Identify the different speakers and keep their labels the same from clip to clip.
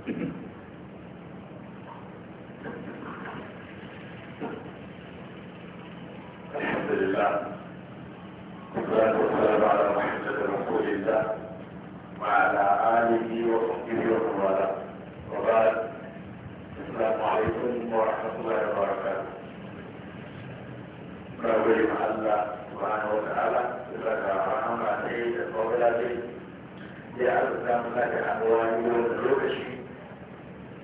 Speaker 1: الحمد لله والصلاة والسلام على محمد رسول الله وعلى آله وصحبه ومن والاه وبعد السلام عليكم ورحمة الله وبركاته Kawai ma Allah subhanahu wa ta'ala bisa ga rahama ne da kawai ya arzuta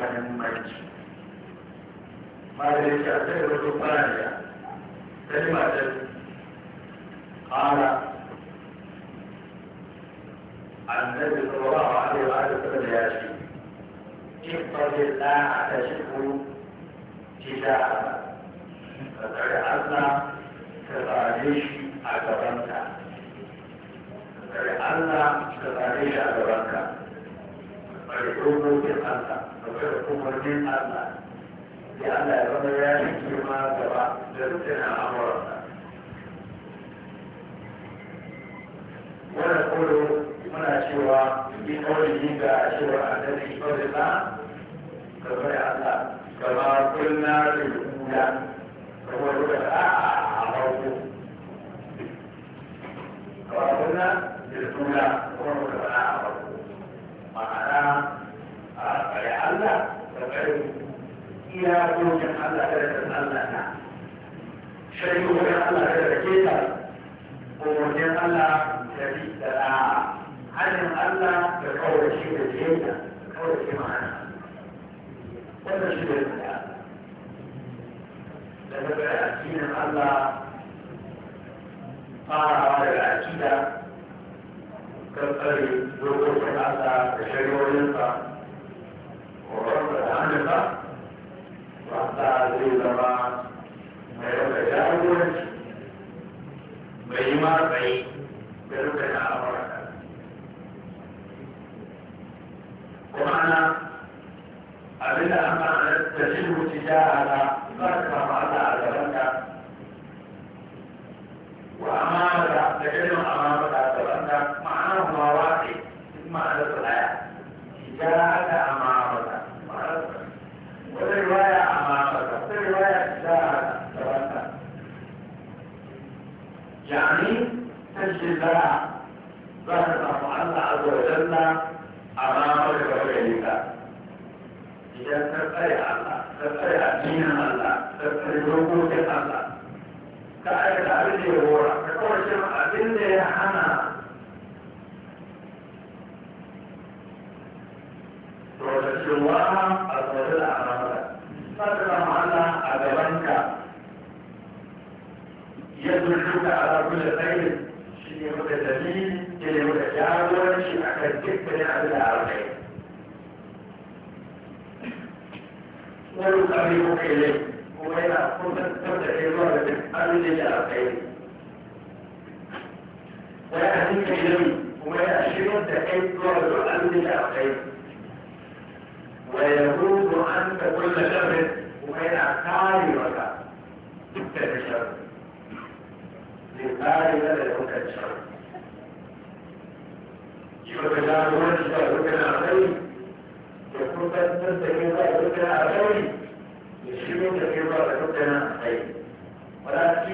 Speaker 1: mahimmanci malaye ce a tsaye da wasu kalima ta yi matar ƙara a annabi sallallahu alaihi wa da ya ce fage na a kuru da tashiku tijara ka tsare na ka tsare shi a gabanka ka tsare Allah ka tsare shi a gabanka da dokokin Allah da umarnin Allah ya Allah ya zama ya yi girma gaba da dukkan al'amuransa wannan kodo muna cewa bi kawai ga cewa annabi sallallahu alaihi wasallam kamar Allah kama kullu da kuma da a'a Allah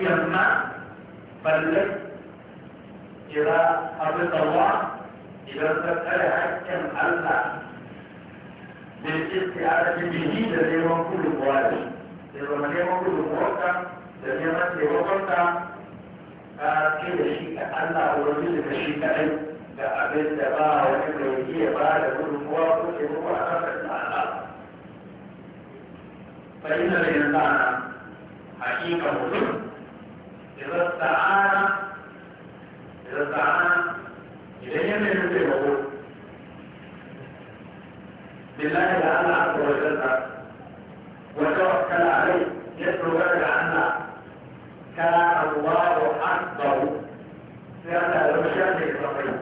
Speaker 1: yamma balle kira abu dawa idan ta tsare hakkin Allah da istiara da bihi da neman kudu kuwa da zama neman kudu kuwarka da neman taimakonka ka ce da shi ka Allah wani da shi kaɗai da abin da ba wani mai iya ba da kudu kuwa ko taimako a kan da Allah. Fa'ina da yanzu ana hakika mutum إذا استعان إذا استعان إذا يمن به بالله تعالى عز وجل وتوكل عليه يتلو عنا كان الله حقه لأن المشاكل الرقيق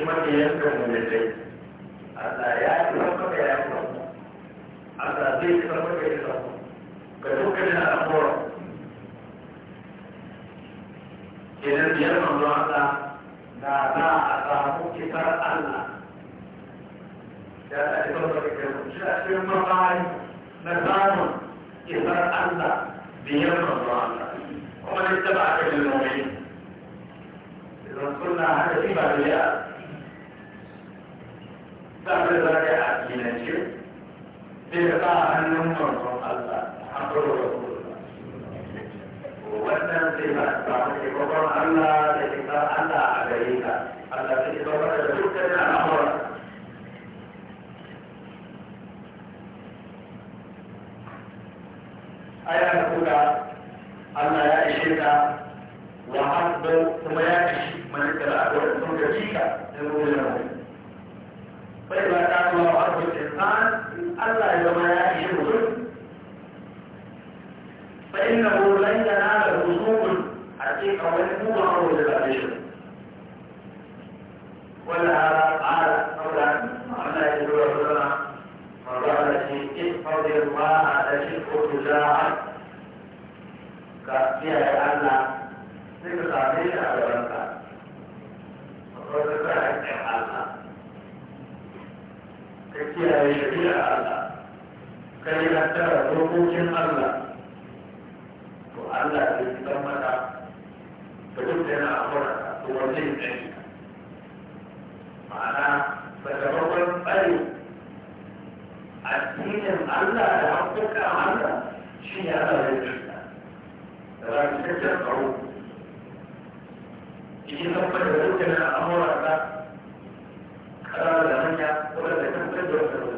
Speaker 1: shi makiyayen kan mulkai Allah ya yi farko da ya kuma Allah zai yi farko da ya kuma ga dukkanin al'amuran idan biyar manzo Allah da za a samu kitar Allah ya ta yi farko da ya kuma shi a cikin mafari na samun kitar Allah biyar manzo Allah kuma ne ta ba a kan lulluwa idan suna hada shi ba da za ka za ka a addinance sai ba a hannun manzon Allah Muhammadu Rasulullah wannan sai ba ba ka ke babban Allah da ke sa Allah a gare ka Allah zai ke babban da dukkanin al'amura aya ta kuda Allah ya ishe ka wa hasbu kuma ya ishi manikar a wurin sun gaji ka da wurin فإذا كان هو عرض الإنسان ألا يتمياه ظلم فإنه لن ينال ظلم حقيقة وإنه أمر لبعض ولا kiyaye a Allah kai hattara dokokin Allah to Allah zai fitar mata da duk da yana akwara to wanne ne tsaye ma'ana sakamakon tsari addinin Allah da haƙoƙa Allah shi ne Allah zai fita da ba su kakkiyar tsaro idan zama da duk da yana akwara ta kara da hanya wadda da kan kan da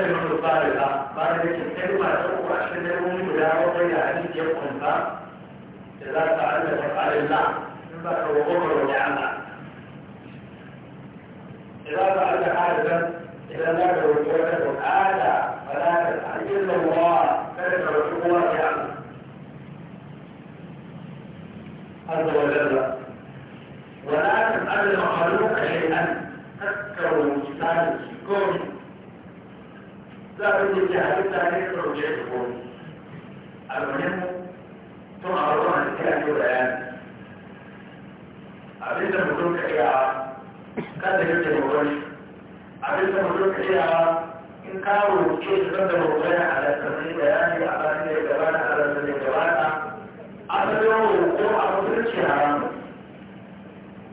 Speaker 1: أكثر من القاربة بعد ذلك الكلمة تقوى أشكدهم ولا وضي عليك يقوم با إذا تعلمت على الله فهو ونعمة إذا فعلت حاجة إذا لا توجد هذا فلا تفعل إلا الله فتفعل الله يعلم عز وجل ولا تفعل المخلوق شيئا تذكر مثال كون za a rubuta halitta ne da rubuce da komi almuhim tun a wurin a cikin yau da yanzu abin da mutum ka iya kada ya ce wani abin da mutum ka iya in ka rubuce da kan da rubuce a halatta ne bayani a bayan da ya gabata a halatta ne gabata asalin rubuce a mutunci haramu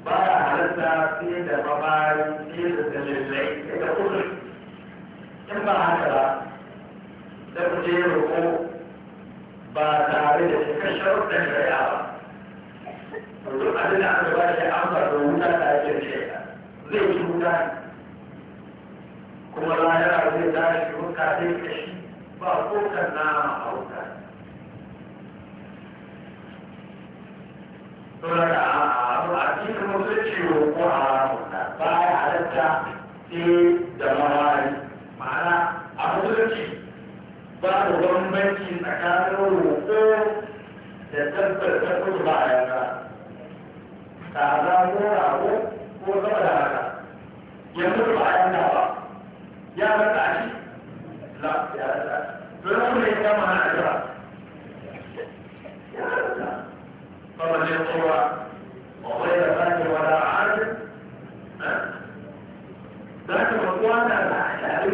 Speaker 1: ba a halatta sai da mabayi sai da dalilai in ba haka da ku je roƙo ba tare da cikin sharuɗin shari'a ba duk abin da aka ba shi an faru wuta da ake shari'a zai ci wuta kuma lahira zai shi wuta zai kashi ba ko kan nama a wuta saboda a cikin musulci roƙo a wuta ba ya halatta sai da mawari a a ba da bambanci tsakanin roƙo da ta da ba a yanka za ko rago ko zama da haka yanzu ba a yanka ba ya rasa a shi la ya rasa don su ne kama na ajiyar ba ba ne kowa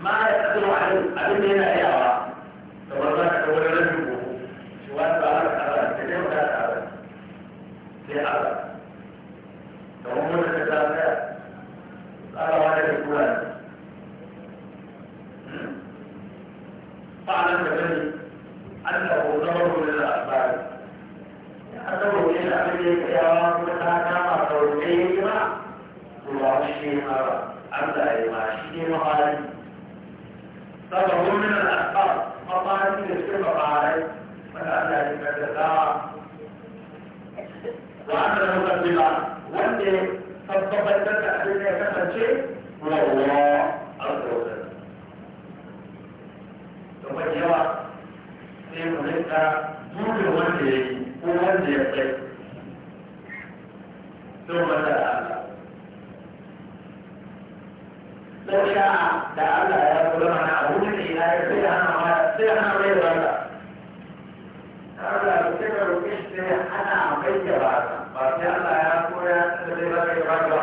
Speaker 1: ma da tsoro a nan abin da yana yawa ka wani shi wani ba a ta sai a da wani zafi da ne da gani a abin da yawa kuma ta kama kawai ba to ba shi ne ma ya ma shi ne ma saboda wani na alaƙa mafani da suke mafarai wanda ana yi kada za a ana da mutabila wanda tabbatar da ake ne kasance wawa a zaune kuma yawa sai mu rinka jurin wanda ya yi ko wanda ya kai sun wanda a sai da Allah ya kula mana abu da ke ya sai ana ma sai ana mai da Allah
Speaker 2: Allah ya ce ka roƙe shi sai ana mai da ba ba sai Allah ya koya da zai ba ka ba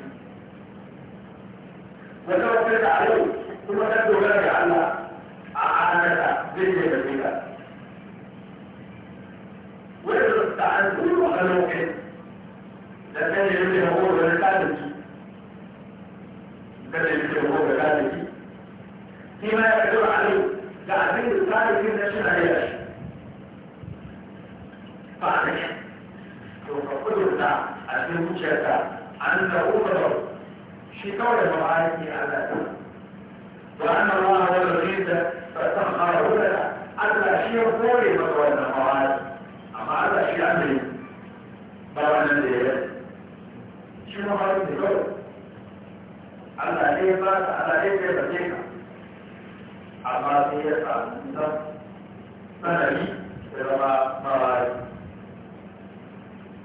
Speaker 1: وتوكل عليه ثم تبدو ذلك على عادتها بالنسبة لك وإذا عن كل مخلوق لكن يجب هو بلسانك لكن يجب هو بلسانك فيما يقدر عليه تعبير لسانك من نفس العياش فعليك وفقدرت عن المشاكة عن ذهوب الرب في قول معارضه على وأن الله هو الغيث فسخر لنا على شيء قولي مطولنا معارض أما على شيء أمري طبعا ليه شو مخالف بقول على ليه بس على ليه كيف تيجي أما هي أنت منعي إلى معارض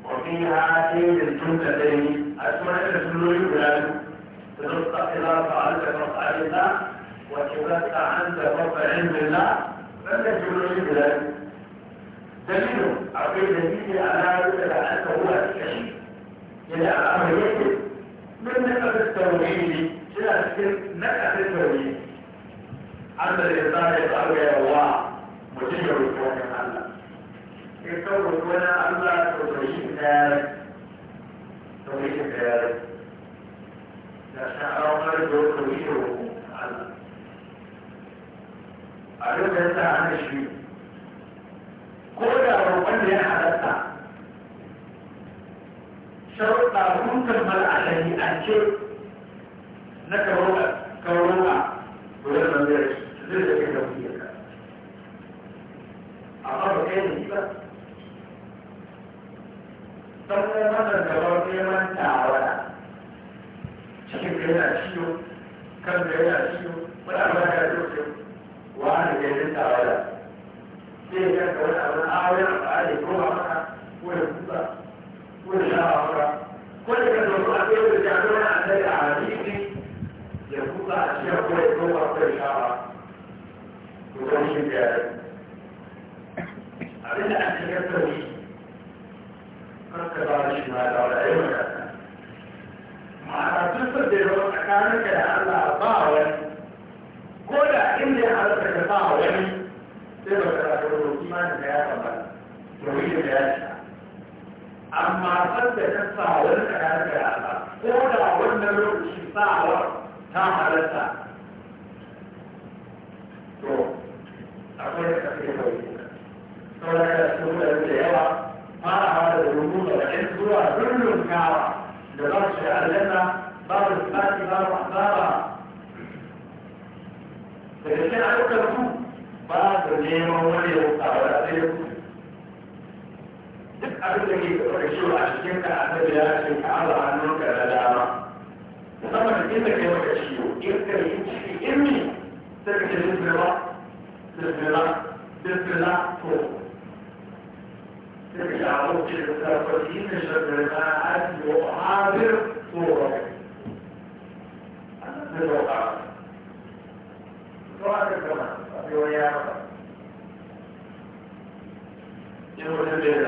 Speaker 1: وفي هاتين الجملتين أسمع الرسول يقول بنطق إذا فعلت رفع الله وكذبت عنك رفع علم الله فلتجمع إذن دليل عقيدة ديني على أنه هو الكشف إلى عمليته من نفس التوحيد إلى نفس التوحيد أن الإنسان يقال يا الله مجيب الكون الله يقول لنا الله توحيدنا yana ciyo kan da yana ciyo wani abu da ya zo akwai da kafin kawai saboda kada su da da yawa fara hawa da rumu da bakin zuwa rullun kawa da za su shiga aljanna babu tsaki babu azaba daga cikin ayyukan su ba su neman wani ya wuta ba da sai ya kusa duk abin da ke da kyau a cikin ka annabi ya ce ka ala hannunka da dama musamman inda kai maka ciwo in ka yi ciki ilmi sai ka ce zuwa depelato depelato che le trappatine saranno aperture dello caso trovate il comando abbiamo io voglio vedere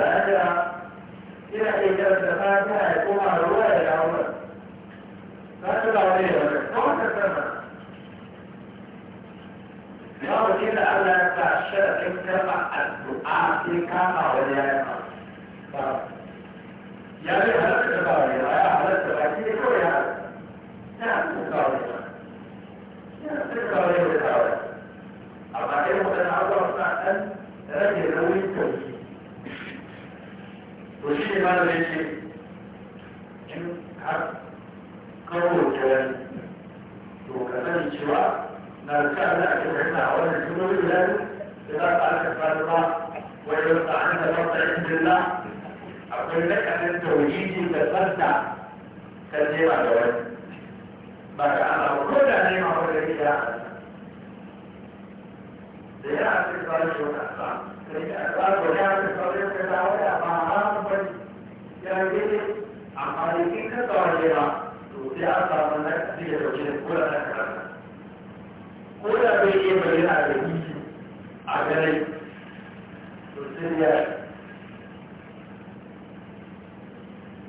Speaker 1: ba da ko da ne ma wanda da ya ba sai da ya ka da wata ba ya amma kin ka ba to sai a samu na ji da dauke da na ko da bai yi da yi a gare to sai ya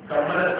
Speaker 1: kamar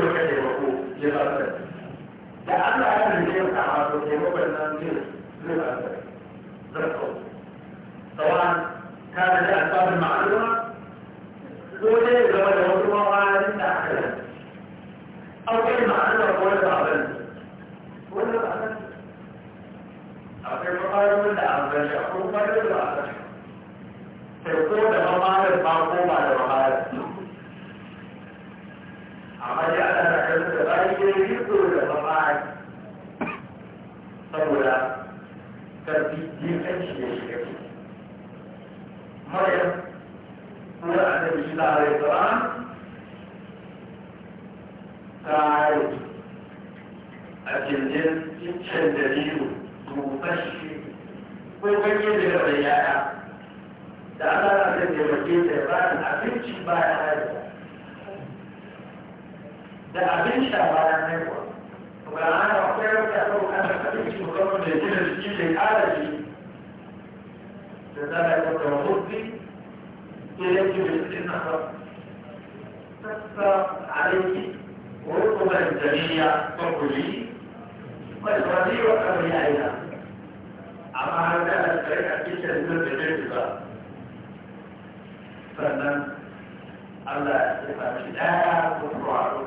Speaker 1: maka taimako ya hasan annabi isa alaihi salam ta yi a jirgin cikin dalilu dubashe ko kanye da rabai da ana da taimake da bayan abinci da abin sha bayan haihuwa ba ana akwai wata kawo kan abinci musamman da gina jiki da ƙara jiki da zara da rahoton يجب الاستنهار تكفى عليك رطبة الجميع تقولي والغدي وقبلي أيضا هذا الطريقة كيف يجب بجدك فمن الله يفعل لا تفعل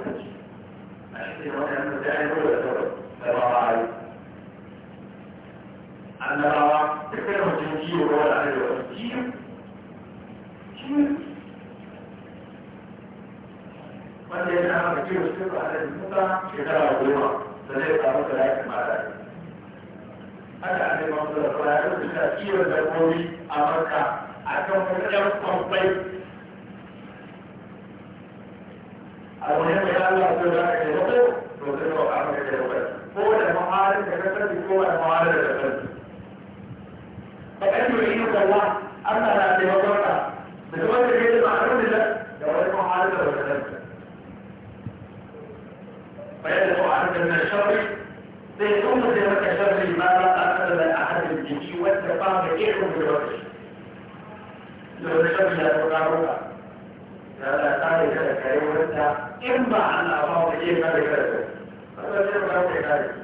Speaker 1: kusa shekara goma da zai samu da ya kamata haka an yi masu da fara da su ta kiwon dabbobi a marka a kan wani ɗan kwamfai مضيء بوجهه لو دخلنا القارورة فلا ذلك لك يولد إما أن أضاء مضيء ذلك لك فلا يمكن ذلك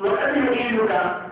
Speaker 1: وأن يريدك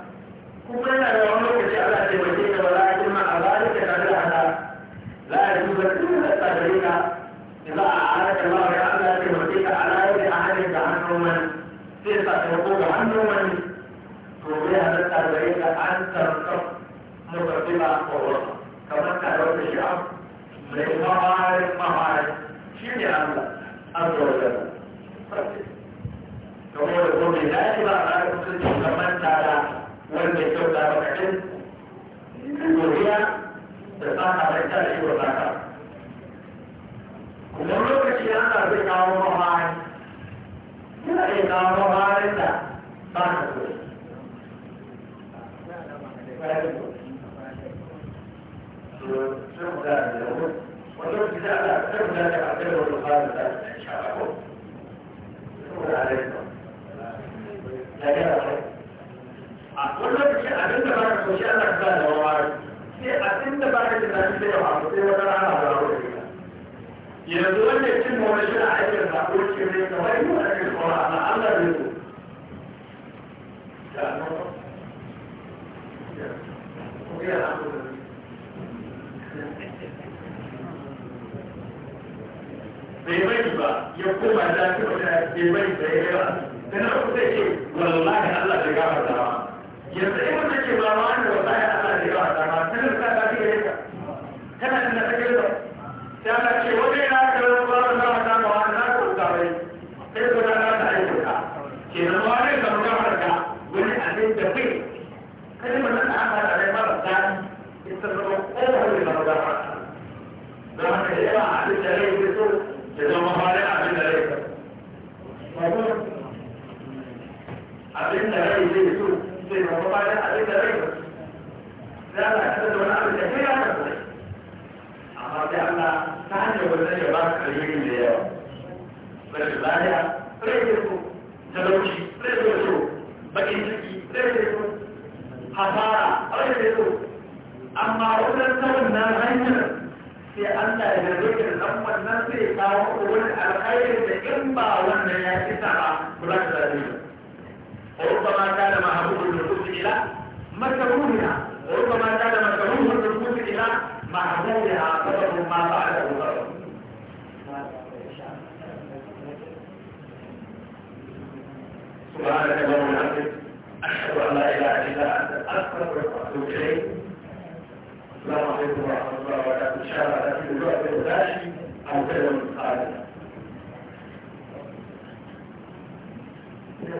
Speaker 1: bai bari ba ya koma da shi wata bai bari ba ya yawa dan haka sai ce wallahi Allah bai gafarta ma yanzu in mutum ce ba ma an wallahi Allah bai gafarta ma kana da ka ga kana da ka ga ta ta ce